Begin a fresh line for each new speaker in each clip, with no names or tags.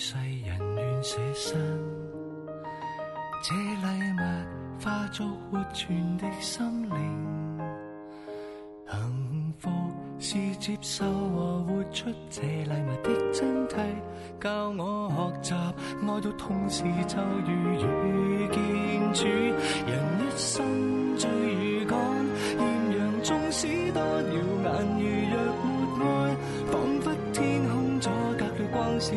世人願捨身，這禮物化作活泉的心靈。幸福是接受和活出這禮物的真諦，教我學習愛到同時就如遇見主。人一生最勇敢，艷陽縱使多耀眼。心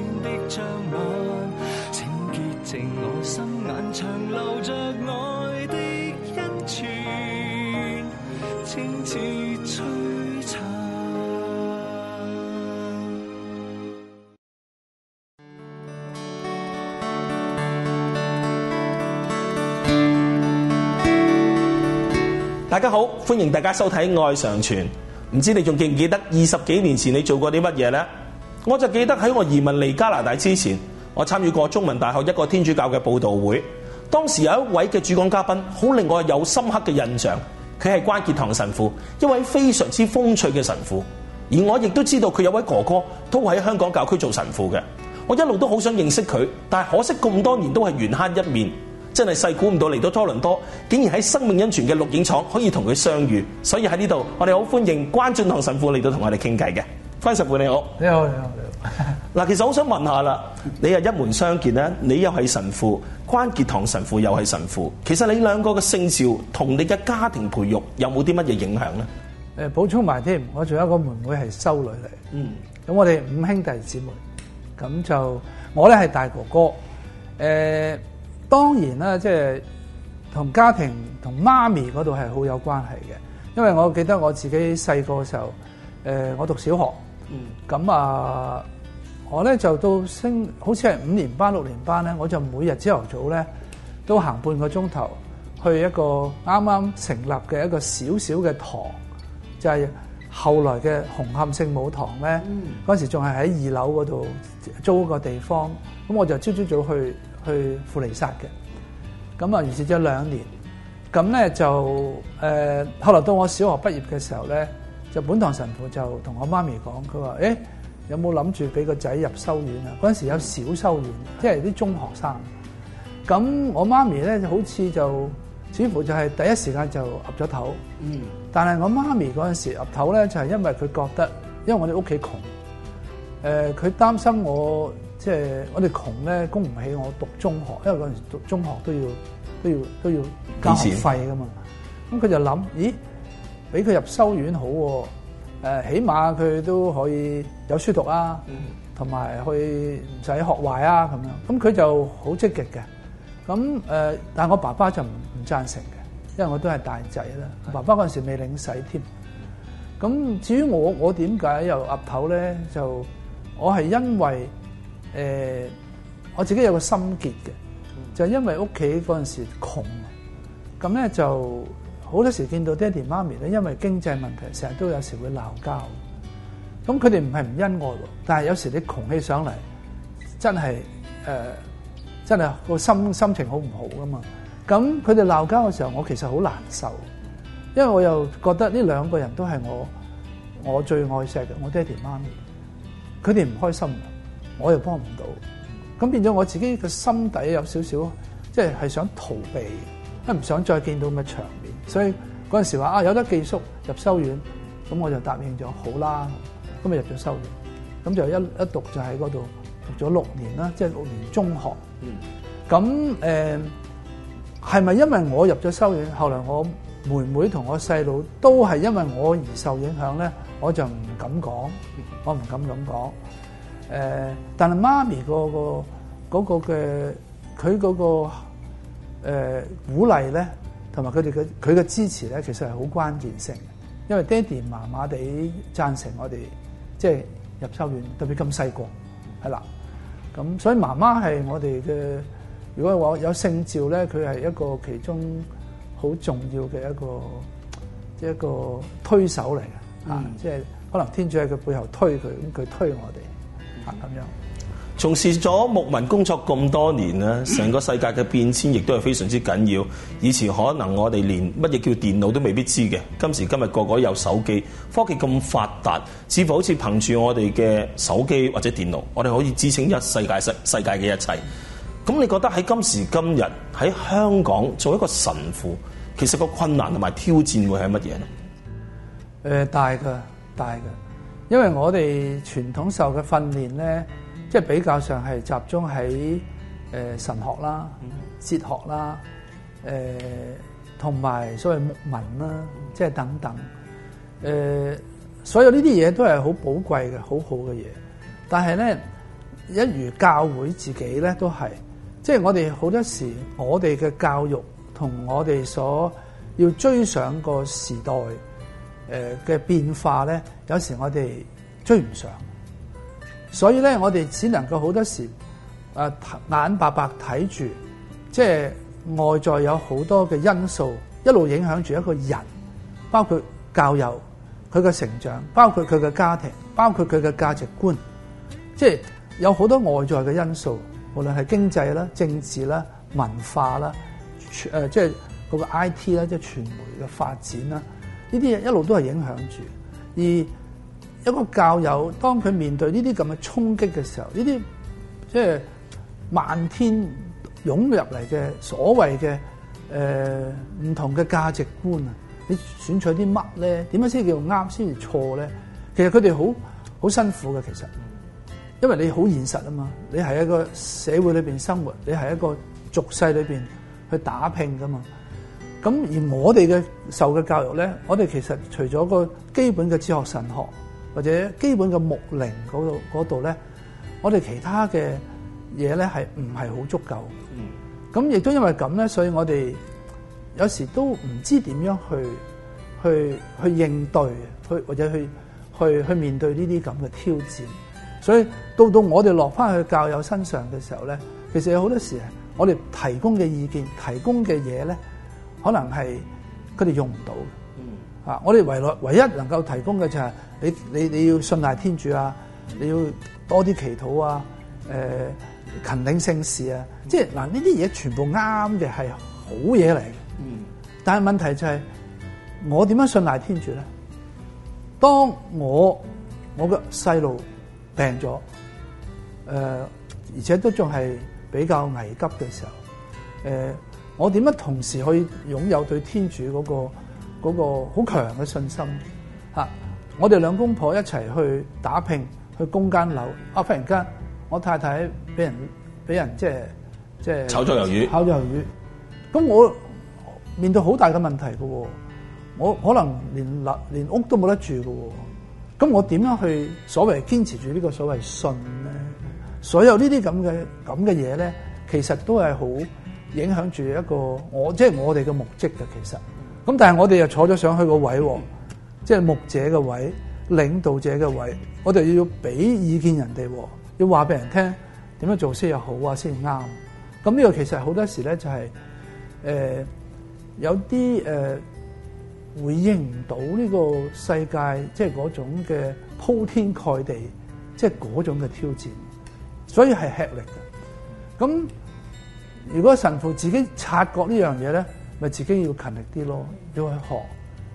我着
大家好，歡迎大家收睇《愛常傳》。唔知你仲記唔記得二十幾年前你做過啲乜嘢呢？我就記得喺我移民嚟加拿大之前，我參與過中文大學一個天主教嘅報道會。當時有一位嘅主講嘉賓，好令我有深刻嘅印象。佢係關傑堂神父，一位非常之風趣嘅神父。而我亦都知道佢有一位哥哥都喺香港教區做神父嘅。我一路都好想認識佢，但係可惜咁多年都係緣慳一面。真係細估唔到嚟到多倫多，竟然喺生命恩泉嘅錄影廠可以同佢相遇。所以喺呢度，我哋好歡迎關傑堂神父嚟到同我哋傾偈嘅。關神父你好，你好你好。嗱， 其實我想問下啦，你係一門相見咧，你又係神父，關傑堂神父又係神父。其實你兩個嘅聖召同你嘅家庭培育有冇啲乜嘢影響咧？
誒、呃，補充埋添，我仲有一個妹妹係修女嚟。嗯，咁我哋五兄弟姊妹，咁就我咧係大哥哥。誒、呃，當然啦，即係同家庭同媽咪嗰度係好有關係嘅。因為我記得我自己細個嘅時候，誒、呃，我讀小學。嗯，咁啊，我咧就到升，好似係五年班、六年班咧，我就每日朝頭早咧都行半個鐘頭去一個啱啱成立嘅一個小小嘅堂，就係、是、後來嘅紅磡聖母堂咧，嗰、嗯、時仲係喺二樓嗰度租個地方，咁我就朝朝早去去富尼薩嘅，咁啊完成咗兩年，咁咧就誒、呃，後來到我小學畢業嘅時候咧。就本堂神父就同我媽咪講，佢話：誒有冇諗住俾個仔入修院啊？嗰陣時有小修院，即係啲中學生。咁我媽咪咧就好似就似乎就係第一時間就岌咗頭。嗯。但係我媽咪嗰陣時岌頭咧，就係、是、因為佢覺得，因為我哋屋企窮，誒佢擔心我即係、就是、我哋窮咧供唔起我讀中學，因為嗰陣時讀中學都要都要都要交學費㗎嘛。咁佢就諗，咦？俾佢入修院好、啊，喎、呃，起碼佢都可以有書讀啊，同埋去唔使學壞啊咁樣。咁佢就好積極嘅。咁、呃、但我爸爸就唔唔贊成嘅，因為我都係大仔啦。Mm hmm. 爸爸嗰陣時未領洗添。咁至於我，我點解又岌頭咧？就我係因為誒、呃、我自己有個心結嘅，mm hmm. 就因為屋企嗰陣時窮，咁咧就。好多時見到爹哋媽咪咧，因為經濟問題，成日都有時會鬧交。咁佢哋唔係唔恩愛喎，但係有時你窮起上嚟，真係誒、呃，真係個心心情不好唔好㗎嘛？咁佢哋鬧交嘅時候，我其實好難受，因為我又覺得呢兩個人都係我我最愛錫嘅，我爹哋媽咪。佢哋唔開心，我又幫唔到，咁變咗我自己嘅心底有少少，即係想逃避，唔想再見到咁嘅場。所以嗰陣時話啊有得寄宿入修院，咁我就答應咗好啦，咁就入咗修院，咁就一一讀就喺嗰度讀咗六年啦，即係六年中學。咁誒係咪因為我入咗修院，後來我妹妹同我細佬都係因為我而受影響咧？我就唔敢講，我唔敢咁講。誒，但係媽咪個個嗰個嘅佢嗰個誒鼓勵咧。同埋佢哋嘅佢嘅支持咧，其實係好關鍵性嘅，因為爹哋麻麻哋贊成我哋即係入修院，特別咁細個，係啦。咁所以媽媽係我哋嘅，如果話有聖召咧，佢係一個其中好重要嘅一個，即係一個推手嚟嘅，嗯、啊，即係可能天主喺佢背後推佢，咁佢推我哋啊咁樣。
從事咗牧民工作咁多年咧，成個世界嘅變遷亦都係非常之緊要。以前可能我哋連乜嘢叫電腦都未必知嘅，今時今日個個有手機，科技咁發達，似乎好似憑住我哋嘅手機或者電腦，我哋可以知情一世界世世界嘅一切。咁你覺得喺今時今日喺香港做一個神父，其實個困難同埋挑戰會係乜嘢咧？
誒、呃，大嘅，大嘅，因為我哋傳統受嘅訓練咧。即係比較上係集中喺誒神學啦、哲學啦、誒同埋所謂牧民啦，即係等等。誒、呃，所有呢啲嘢都係好寶貴嘅、好好嘅嘢。但係咧，一如教會自己咧，都係即係我哋好多時，我哋嘅教育同我哋所要追上個時代誒嘅變化咧，有時我哋追唔上。所以咧，我哋只能夠好多時，誒眼白白睇住，即係外在有好多嘅因素一路影響住一個人，包括教育佢嘅成長，包括佢嘅家庭，包括佢嘅價值觀，即、就、係、是、有好多外在嘅因素，無論係經濟啦、政治啦、文化啦，即係嗰個 I T 啦，即係傳媒嘅發展啦，呢啲一路都係影響住而一個教友，當佢面對呢啲咁嘅衝擊嘅時候，呢啲即係漫天湧入嚟嘅所謂嘅誒唔同嘅價值觀啊，你選取啲乜咧？點樣先叫啱？先至錯咧？其實佢哋好好辛苦嘅，其實因為你好現實啊嘛，你係一個社會裏邊生活，你係一個俗世裏邊去打拼噶嘛。咁而我哋嘅受嘅教育咧，我哋其實除咗個基本嘅哲學神學。或者基本嘅牧靈嗰度嗰度咧，我哋其他嘅嘢咧，係唔係好足夠？嗯，咁亦都因為咁咧，所以我哋有時都唔知點樣去去去應對去或者去去去面對呢啲咁嘅挑戰，所以到到我哋落翻去教友身上嘅時候咧，其實有好多時啊，我哋提供嘅意見提供嘅嘢咧，可能係佢哋用唔到。啊！我哋唯來唯一能夠提供嘅就係、是、你你你要信賴天主啊，你要多啲祈禱啊，誒、呃、勤領聖事啊，即係嗱呢啲嘢全部啱嘅係好嘢嚟嘅。嗯。但係問題就係、是、我點樣信賴天主咧？當我我個細路病咗，誒、呃、而且都仲係比較危急嘅時候，誒、呃、我點樣同時可以擁有對天主嗰、那個？嗰個好強嘅信心嚇，我哋兩公婆一齊去打拼，去供間樓。啊，忽然間我太太俾人俾人即係即係炒咗魷魚，炒咗魷魚。咁我面對好大嘅問題嘅喎，我可能連樓連屋都冇得住嘅喎。咁我點樣去所謂堅持住呢個所謂信咧？所有呢啲咁嘅咁嘅嘢咧，其實都係好影響住一個我，即係我哋嘅目的嘅其實。咁但係我哋又坐咗上去個位，即係牧者嘅位、領導者嘅位，我哋要俾意見人哋，要話俾人聽點樣做先又好啊先啱。咁呢個其實好多時咧就係呃有啲呃回應唔到呢個世界，即係嗰種嘅鋪天蓋地，即係嗰種嘅挑戰，所以係吃力嘅。咁如果神父自己察覺呢樣嘢咧？咪自己要勤力啲咯，要去學，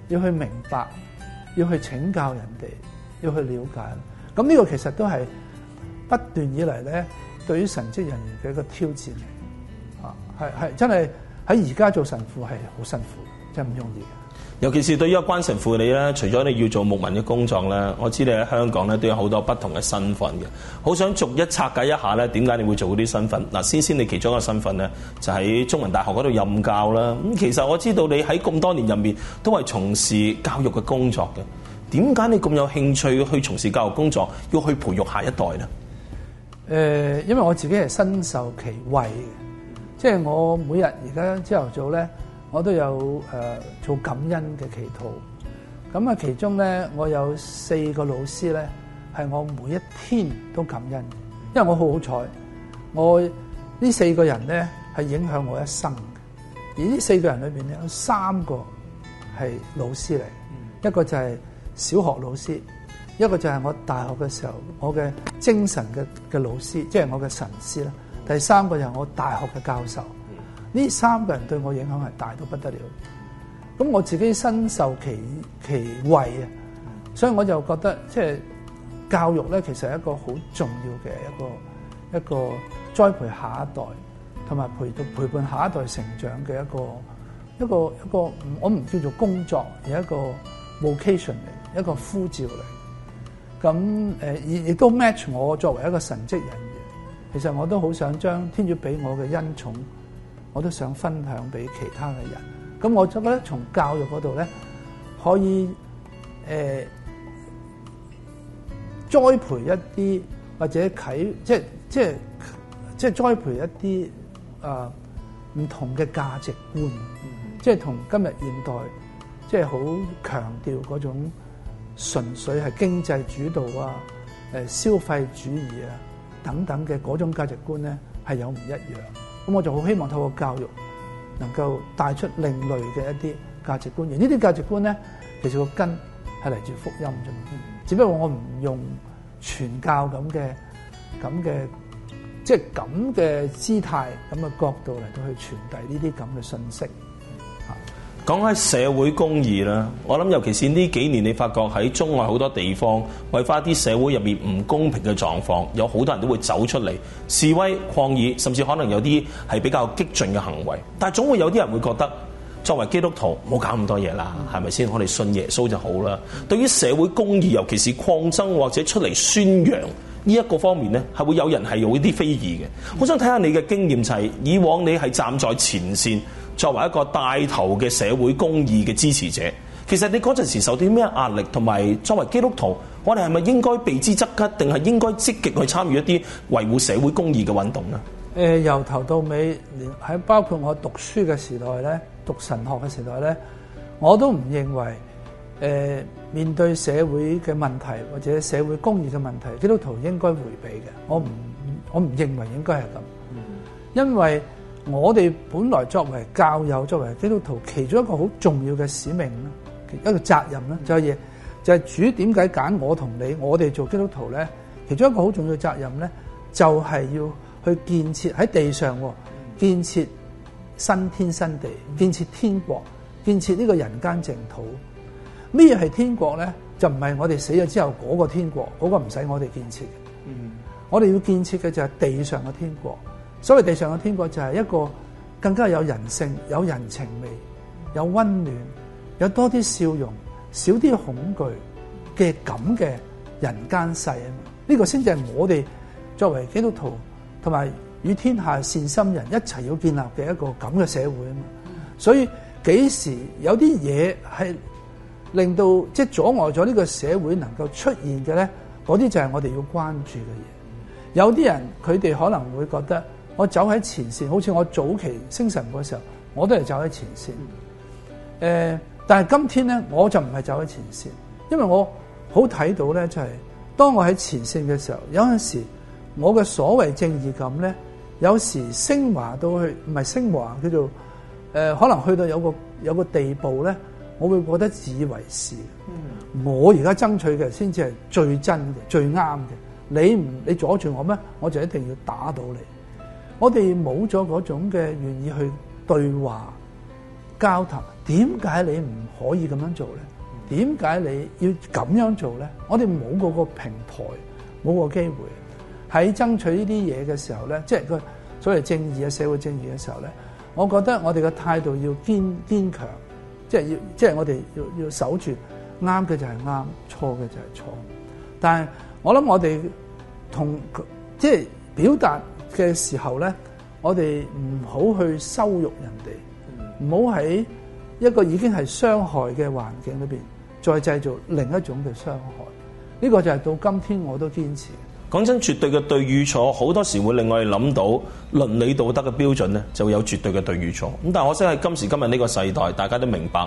要去明白，要去請教人哋，要去了解。咁呢個其實都係不斷以嚟咧，對於神職人員嘅一個挑戰嚟。啊，係係真係喺而家做神父係好辛苦的，真係唔容易的。
尤其是對於一個關神父咧，除咗你要做牧民嘅工作咧，我知你喺香港咧都有好多不同嘅身份嘅，好想逐一拆解一下咧，點解你會做嗰啲身份？嗱，先先你其中一個身份咧，就喺中文大學嗰度任教啦。咁其實我知道你喺咁多年入面都係從事教育嘅工作嘅，點解你咁有興趣去從事教育工作，要去培育下一代
咧？誒，因為我自己係身受其惠嘅，即係我每日而家朝頭早咧。我都有做感恩嘅祈禱。咁啊其中咧，我有四個老師咧，係我每一天都感恩，因為我好好彩，我呢四個人咧係影響我一生，而呢四個人裏面咧有三個係老師嚟，嗯、一個就係小學老師，一個就係我大學嘅時候我嘅精神嘅嘅老師，即係我嘅神師啦，第三個就係我大學嘅教授。呢三個人對我影響係大到不得了，咁我自己身受其其惠啊，所以我就覺得即係、就是、教育咧，其實係一個好重要嘅一個一個栽培下一代，同埋陪到陪伴下一代成長嘅一個一個一個，我唔叫做工作，而係一個 vocation 嚟，一個呼召嚟。咁誒，亦、呃、亦都 match 我作為一個神職人員，其實我都好想將天主俾我嘅恩寵。我都想分享俾其他嘅人，咁我覺得從教育嗰度咧，可以誒、呃、栽培一啲或者啟，即係即係即係栽培一啲啊唔同嘅價值觀，嗯、即係同今日現代即係好強調嗰種純粹係經濟主導啊、誒、呃、消費主義啊等等嘅嗰種價值觀咧，係有唔一樣。咁我就好希望透過教育，能夠帶出另類嘅一啲價值觀。而呢啲價值觀咧，其實個根係嚟自福音啫嘛。只不過我唔用傳教咁嘅、咁嘅、即係咁嘅姿態、咁嘅角度嚟到去傳遞呢啲咁嘅信息。
講開社會公義啦，我諗尤其是呢幾年，你發覺喺中外好多地方，為翻啲社會入面唔公平嘅狀況，有好多人都會走出嚟示威抗議，甚至可能有啲係比較激進嘅行為。但係總會有啲人會覺得，作為基督徒唔好搞咁多嘢啦，係咪先？我哋信耶穌就好啦。對於社會公義，尤其是抗爭或者出嚟宣揚呢一個方面呢，係會有人係有啲非議嘅。我想睇下你嘅經驗就係、是，以往你係站在前線。作為一個帶頭嘅社會公義嘅支持者，其實你嗰陣時受到啲咩壓力？同埋作為基督徒，我哋係咪應該避之則吉，定係應該積極去參與一啲維護社會公義嘅運動咧？
誒，由頭到尾，連喺包括我讀書嘅時代咧，讀神學嘅時代咧，我都唔認為，誒，面對社會嘅問題或者社會公義嘅問題，基督徒應該回避嘅。我唔，我唔認為應該係咁，因為。我哋本來作為教友，作為基督徒其中一個好重要嘅使命咧，一個責任咧，就係就係主點解揀我同你？我哋做基督徒咧，其中一個好重要嘅責任咧，就係要去建設喺地上，建設新天新地，建設天國，建設呢個人間淨土。咩嘢係天國咧？就唔係我哋死咗之後嗰個天國，嗰個唔使我哋建設。嗯，我哋要建設嘅就係地上嘅天國。所謂地上嘅天國，就係一個更加有人性、有人情味、有溫暖、有多啲笑容、少啲恐懼嘅咁嘅人間世啊嘛！呢個先至係我哋作為基督徒同埋與天下善心人一齊要建立嘅一個咁嘅社會啊嘛！所以幾時有啲嘢係令到即係阻礙咗呢個社會能夠出現嘅咧，嗰啲就係我哋要關注嘅嘢。有啲人佢哋可能會覺得。我走喺前線，好似我早期星神嗰時候，我都係走喺前線。呃、但係今天咧，我就唔係走喺前線，因為我好睇到咧，就係、是、當我喺前線嘅時候，有陣時我嘅所謂正義感咧，有時升華到去唔係升華，叫做、呃、可能去到有個有個地步咧，我會覺得自以為是。我而家爭取嘅先至係最真嘅、最啱嘅。你唔你阻住我咩？我就一定要打到你。我哋冇咗嗰種嘅願意去對話、交談，點解你唔可以咁樣做咧？點解你要咁樣做咧？我哋冇嗰個平台，冇個機會喺爭取呢啲嘢嘅時候咧，即係個所謂正義嘅、啊、社會正義嘅時候咧，我覺得我哋嘅態度要堅堅強，即係要即係我哋要要守住啱嘅就係啱，錯嘅就係錯。但係我諗我哋同即係表達嘅時候咧，我哋唔好去羞辱人哋，唔好喺一個已經係傷害嘅環境裏面再製造另一種嘅傷害。呢、這個就係到今天我都堅持。
講真，絕對嘅對與錯，好多時會令我哋諗到倫理道德嘅標準咧，就會有絕對嘅對與錯。咁但係可惜喺今時今日呢個世代，大家都明白。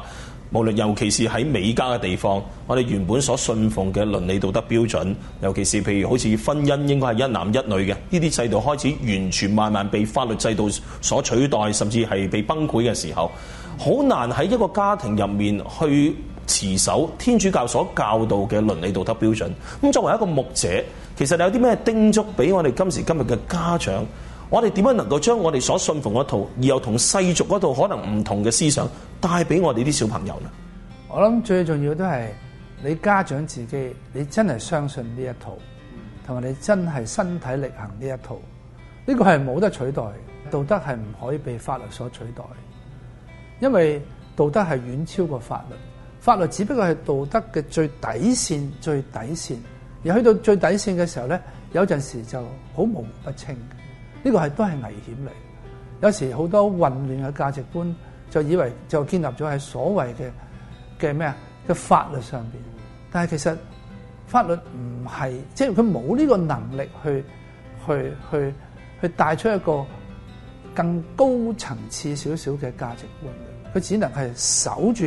無論尤其是喺美加嘅地方，我哋原本所信奉嘅倫理道德標準，尤其是譬如好似婚姻應該係一男一女嘅呢啲制度，開始完全慢慢被法律制度所取代，甚至係被崩潰嘅時候，好難喺一個家庭入面去持守天主教所教導嘅倫理道德標準。咁作為一個牧者，其實你有啲咩叮囑俾我哋今時今日嘅家長？我哋點樣能夠將我哋所信奉嗰套，而又同世俗嗰套可能唔同嘅思想帶俾我哋啲小朋友咧？
我諗最重要都係你家長自己，你真係相信呢一套，同埋你真係身體力行呢一套。呢個係冇得取代嘅，道德係唔可以被法律所取代，因為道德係遠超過法律，法律只不過係道德嘅最底綫、最底綫。而去到最底綫嘅時候咧，有陣時就好模糊不清。呢個係都係危險嚟，有時好多混亂嘅價值觀就以為就建立咗喺所謂嘅嘅咩啊嘅法律上面，但係其實法律唔係即係佢冇呢個能力去去去去帶出一個更高層次少少嘅價值觀，佢只能係守住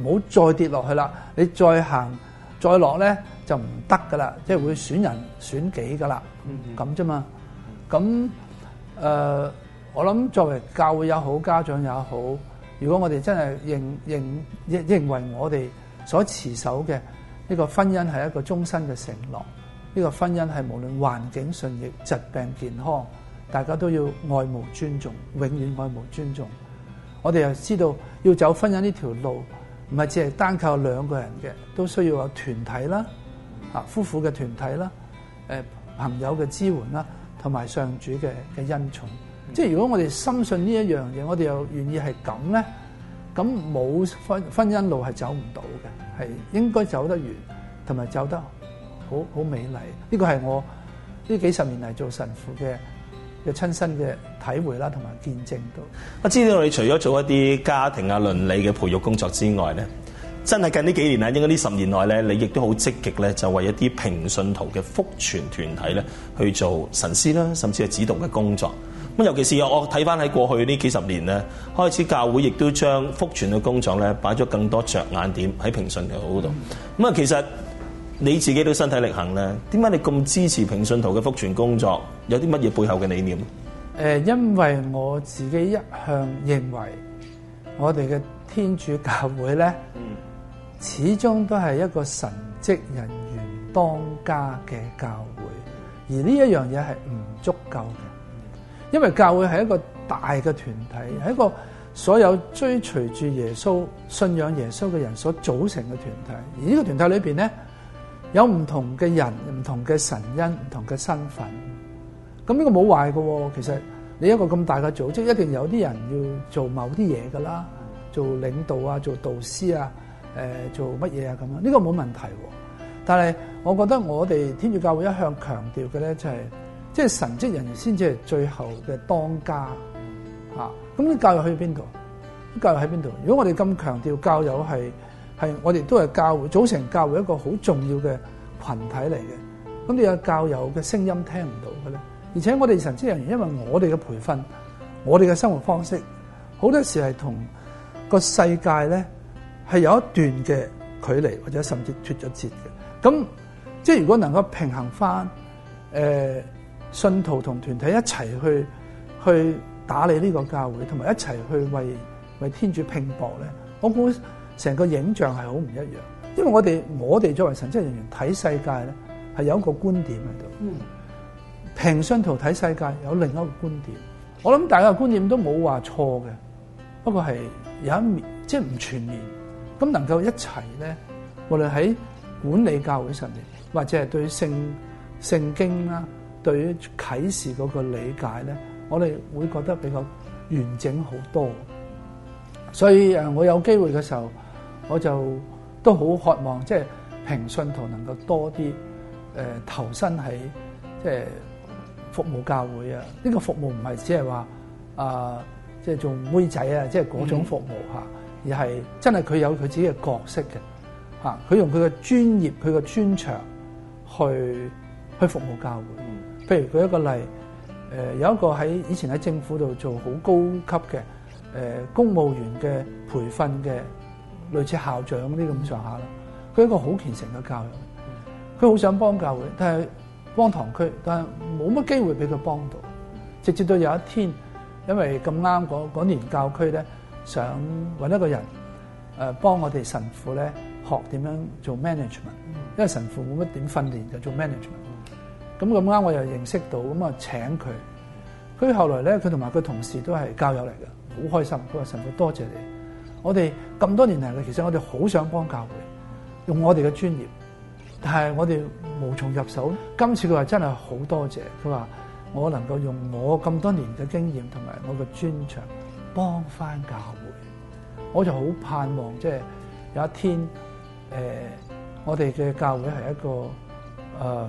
唔好再跌落去啦，你再行再落呢就唔得㗎喇，即係會損人損己㗎喇，咁啫嘛，咁。呃、我諗作為教會也好，家長也好，如果我哋真係認認,認為我哋所持守嘅呢、這個婚姻係一個終身嘅承諾，呢、這個婚姻係無論環境順逆、疾病健康，大家都要愛慕尊重，永遠愛慕尊重。我哋又知道要走婚姻呢條路，唔係只係單靠兩個人嘅，都需要有團體啦，嚇夫婦嘅團體啦，誒朋友嘅支援啦。同埋上主嘅嘅恩寵，即係如果我哋深信呢一樣嘢，我哋又願意係咁咧，咁冇婚婚姻路係走唔到嘅，係應該走得完，同埋走得好好美麗。呢個係我呢幾十年嚟做神父嘅嘅親身嘅體會啦，同埋見證到。
我知道你除咗做一啲家庭啊倫理嘅培育工作之外咧。真係近呢幾年啊，應該呢十年內咧，你亦都好積極咧，就為一啲平信徒嘅福傳團體咧去做神師啦，甚至係指導嘅工作。咁尤其是我睇翻喺過去呢幾十年咧，開始教會亦都將福傳嘅工作咧擺咗更多着眼點喺平信徒嗰度。咁啊、嗯，其實你自己都身體力行咧，點解你咁支持平信徒嘅福傳工作？有啲乜嘢背後嘅理念？
誒，因為我自己一向認為，我哋嘅天主教會咧。嗯始終都係一個神職人員當家嘅教會，而呢一樣嘢係唔足夠嘅，因為教會係一個大嘅團體，係一個所有追隨住耶穌、信仰耶穌嘅人所組成嘅團體。而呢個團體裏邊咧，有唔同嘅人、唔同嘅神恩、唔同嘅身份。咁呢個冇壞㗎喎，其實你一個咁大嘅組織，一定有啲人要做某啲嘢噶啦，做領導啊，做導師啊。誒做乜嘢啊？咁樣呢個冇問題喎，但係我覺得我哋天主教會一向強調嘅咧，就係即係神職人員先至係最後嘅當家嚇。咁、啊、啲教友去邊度？教友喺邊度？如果我哋咁強調教友係係我哋都係教會組成教會一個好重要嘅群體嚟嘅，咁你有教友嘅聲音聽唔到嘅咧？而且我哋神職人員，因為我哋嘅培訓，我哋嘅生活方式好多時係同個世界咧。係有一段嘅距離，或者甚至脫咗節嘅。咁即係如果能夠平衡翻，誒、呃、信徒同團體一齊去去打理呢個教會，同埋一齊去為為天主拼搏咧，我估成個影像係好唔一樣。因為我哋我哋作為神職人員睇世界咧，係有一個觀點喺度。嗯、平信徒睇世界有另一個觀點。我諗大家嘅觀點都冇話錯嘅，不過係有一面即係唔全面。咁能夠一齊咧，我哋喺管理教會上面，或者係對聖聖經啦，對於啟示嗰個理解咧，我哋會覺得比較完整好多。所以誒，我有機會嘅時候，我就都好渴望，即係平信徒能夠多啲誒、呃、投身喺即係服務教會啊。呢、這個服務唔係只係話啊，即、呃、係、就是、做妹仔啊，即係嗰種服務吓。嗯而係真係佢有佢自己嘅角色嘅。嚇佢用佢嘅專業，佢嘅專長去去服務教會。譬如舉一個例，誒有一個喺以前喺政府度做好高級嘅誒公務員嘅培訓嘅，類似校長啲咁上下啦。佢一個好虔誠嘅教友，佢好想幫教會，但係幫堂區，但係冇乜機會俾佢幫到。直至到有一天，因為咁啱嗰年教區咧，想揾一個人，誒、呃、幫我哋神父咧學點樣做 management，嗯、因為神父冇乜點訓練就做 management，嗯。咁咁啱我又認識到，咁、嗯、啊請佢。佢後來咧，佢同埋佢同事都係教友嚟嘅，好開心。佢話神父多謝你，我哋咁多年嚟其實我哋好想幫教會用我哋嘅專業，但係我哋無從入手。今次佢話真係好多謝，佢話我能夠用我咁多年嘅經驗同埋我嘅專長。幫翻教會，我就好盼望即係、就是、有一天，誒、呃，我哋嘅教會係一個誒、呃、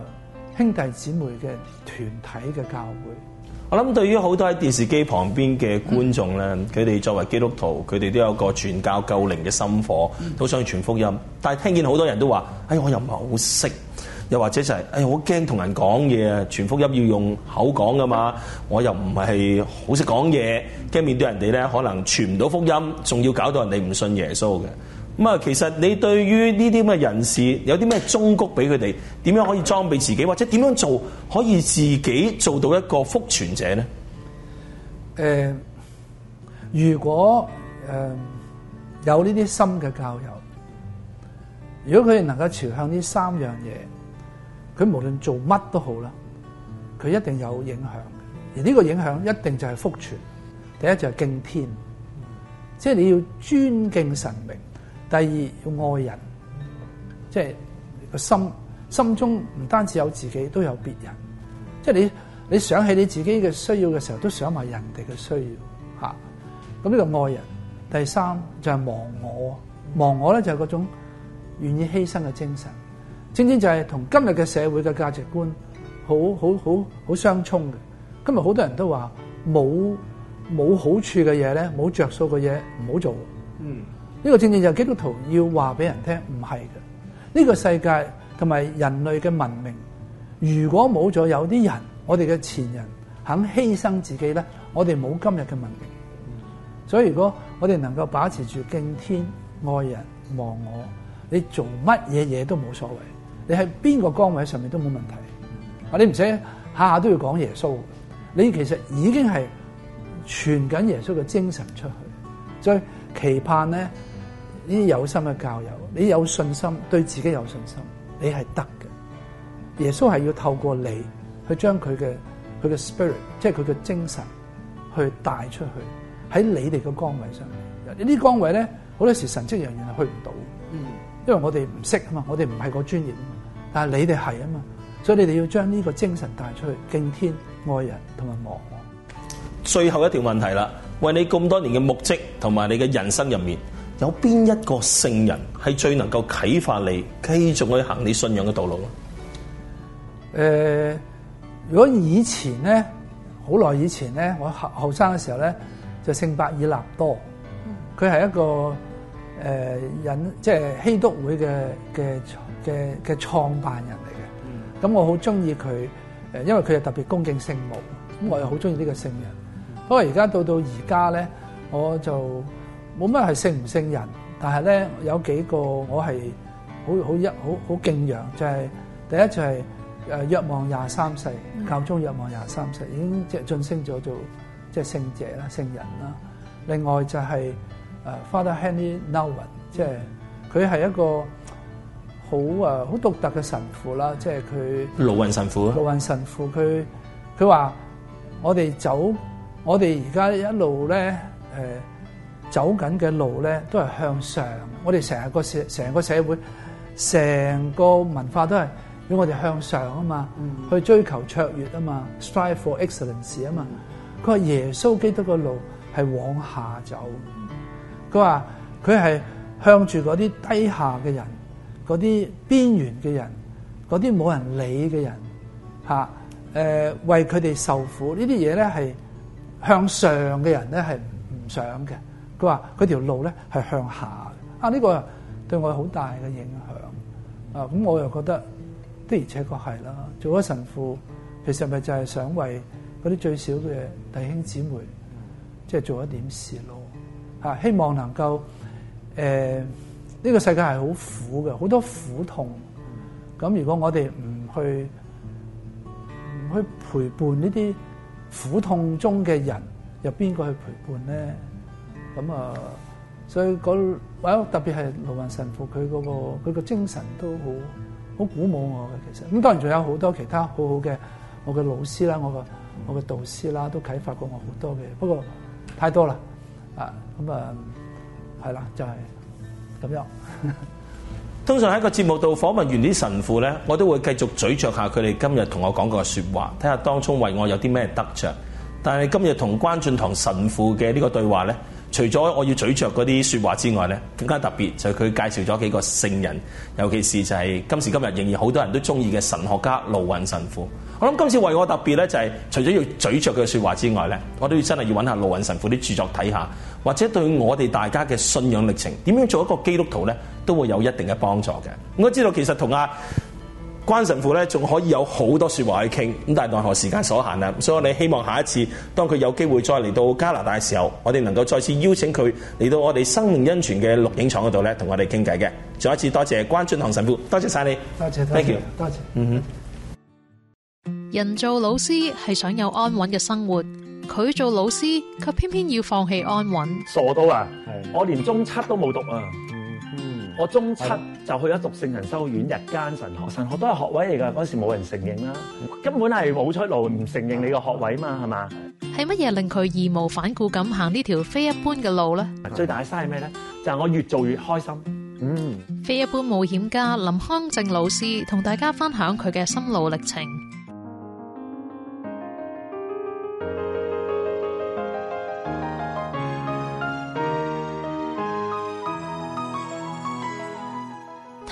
兄弟姊妹嘅團體嘅教會。
我諗對於好多喺電視機旁邊嘅觀眾咧，佢哋、嗯、作為基督徒，佢哋都有個傳教救靈嘅心火，嗯、都想去傳福音。但係聽見好多人都話，哎，我又唔係好識。又或者就係、是，哎呀，我驚同人講嘢啊，傳福音要用口講噶嘛，我又唔係好識講嘢，驚面對人哋咧，可能傳唔到福音，仲要搞到人哋唔信耶穌嘅。咁啊，其實你對於呢啲咁嘅人士，有啲咩忠告俾佢哋？點樣可以裝備自己，或者點樣做可以自己做到一個福傳者咧？
誒、呃，如果誒、呃、有呢啲心嘅教友，如果佢哋能夠朝向呢三樣嘢。佢無論做乜都好啦，佢一定有影響，而呢個影響一定就係福傳，第一就係敬天，即係你要尊敬神明，第二要愛人，即係個心心中唔單止有自己，都有別人，即係你你想起你自己嘅需要嘅時候，都想埋人哋嘅需要，吓、啊，咁呢個愛人，第三就係忘我，忘我咧就係嗰種願意犧牲嘅精神。正正就係同今日嘅社會嘅價值觀好好好好相沖嘅。今日好多人都話冇冇好處嘅嘢咧，冇着數嘅嘢唔好做。嗯，呢個正正就係基督徒要話俾人聽唔係嘅。呢個世界同埋人類嘅文明，如果冇咗有啲人，我哋嘅前人肯犧牲自己咧，我哋冇今日嘅文明。嗯、所以如果我哋能夠把持住敬天愛人忘我，你做乜嘢嘢都冇所謂。你喺邊個崗位上面都冇問題，啊，你唔使下下都要講耶穌，你其實已經係傳緊耶穌嘅精神出去，所以期盼咧呢啲有心嘅教友，你有信心，對自己有信心，你係得嘅。耶穌係要透過你去將佢嘅佢嘅 spirit，即係佢嘅精神去帶出去，喺你哋嘅崗位上面，呢啲崗位咧，好多時神職人員係去唔到，嗯，因為我哋唔識啊嘛，我哋唔係個專業。但係你哋係啊嘛，所以你哋要將呢個精神帶出去，敬天愛人同埋忘我。忙
最後一條問題啦，為你咁多年嘅牧職同埋你嘅人生入面，有邊一個聖人係最能夠啟發你，繼續去行你信仰嘅道路咯？
誒、呃，如果以前咧，好耐以前咧，我後後生嘅時候咧，就聖伯爾納多，佢係一個。誒引、呃、即係基督會嘅嘅嘅嘅創辦人嚟嘅，咁、嗯嗯、我好中意佢，誒因為佢又特別恭敬聖母，咁、嗯、我又好中意呢個聖人。不過而家到到而家咧，我就冇乜係聖唔聖人，但係咧有幾個我係好好一好好敬仰，就係、是、第一就係誒若望廿三世，嗯、教宗若望廿三世已經即係晉升咗做即係聖者啦、聖人啦。另外就係、是。誒 Father Henry Nouwen 即係佢係一個好啊好獨特嘅神父啦，即係佢盧
雲神父啊。盧
雲神父佢佢話我哋走，我哋而家一路咧誒、呃、走緊嘅路咧，都係向上。我哋成日個社成個社會成個文化都係要我哋向上啊嘛，嗯、去追求卓越啊嘛，strive for excellence 啊嘛。佢話耶穌基督嘅路係往下走。佢話佢係向住嗰啲低下嘅人，嗰啲邊緣嘅人，嗰啲冇人理嘅人，吓，誒，為佢哋受苦呢啲嘢，咧係向上嘅人咧係唔想嘅。佢話佢條路咧係向下，啊呢個對我有好大嘅影響。啊，咁我又覺得的而且確係啦，做咗神父，其實咪就係想為嗰啲最少嘅弟兄姊妹，即係做一點事咯。啊，希望能夠誒，呢個世界係好苦嘅，好多苦痛。咁如果我哋唔去唔去陪伴呢啲苦痛中嘅人，又邊個去陪伴咧？咁啊，所以特別係盧雲神父佢嗰個佢個精神都好好鼓舞我嘅。其實，咁當然仲有好多其他很好好嘅，我嘅老師啦，我嘅我嘅導師啦，都啟發過我好多嘅。不過太多啦。啊，咁、嗯、啊，係啦，就係、是、咁樣。
通常喺個節目度訪問完啲神父咧，我都會繼續咀嚼下佢哋今日同我講過嘅說話，睇下當中為我有啲咩得着。但係今日同關進堂神父嘅呢個對話咧，除咗我要咀嚼嗰啲説話之外咧，更加特別就係佢介紹咗幾個聖人，尤其是就係今時今日仍然好多人都中意嘅神學家盧雲神父。我諗今次為我特別咧，就係、是、除咗要嘴咀嚼佢嘅說話之外咧，我都要真係要搵下盧雲神父啲著作睇下，或者對我哋大家嘅信仰歷程，點樣做一個基督徒咧，都會有一定嘅幫助嘅。我知道其實同阿、啊、關神父咧，仲可以有好多說話去傾，咁但係奈何時間所限啦，所以我哋希望下一次，當佢有機會再嚟到加拿大嘅時候，我哋能夠再次邀請佢嚟到我哋生命恩泉嘅錄影廠嗰度咧，同我哋傾偈嘅。再一次多謝關俊棠神父，多謝晒你，多謝，多謝，thank you，多謝，嗯。Mm hmm. 人做老師係想有安穩嘅生活，佢做老師卻偏偏要放棄安穩。傻到啊！的我連中七都冇讀啊！嗯嗯、我中七就去咗讀聖人修院日間神學，神學都係學位嚟噶，嗰時冇人承認啦，根本係冇出路，唔承認你個學位嘛，係嘛？係乜嘢令佢義無反顧咁行呢條非一般嘅路咧？是的最大嘥係咩咧？就係、是、我越做越開心。嗯，非一般冒險家林康正老師同大家分享佢嘅心路歷程。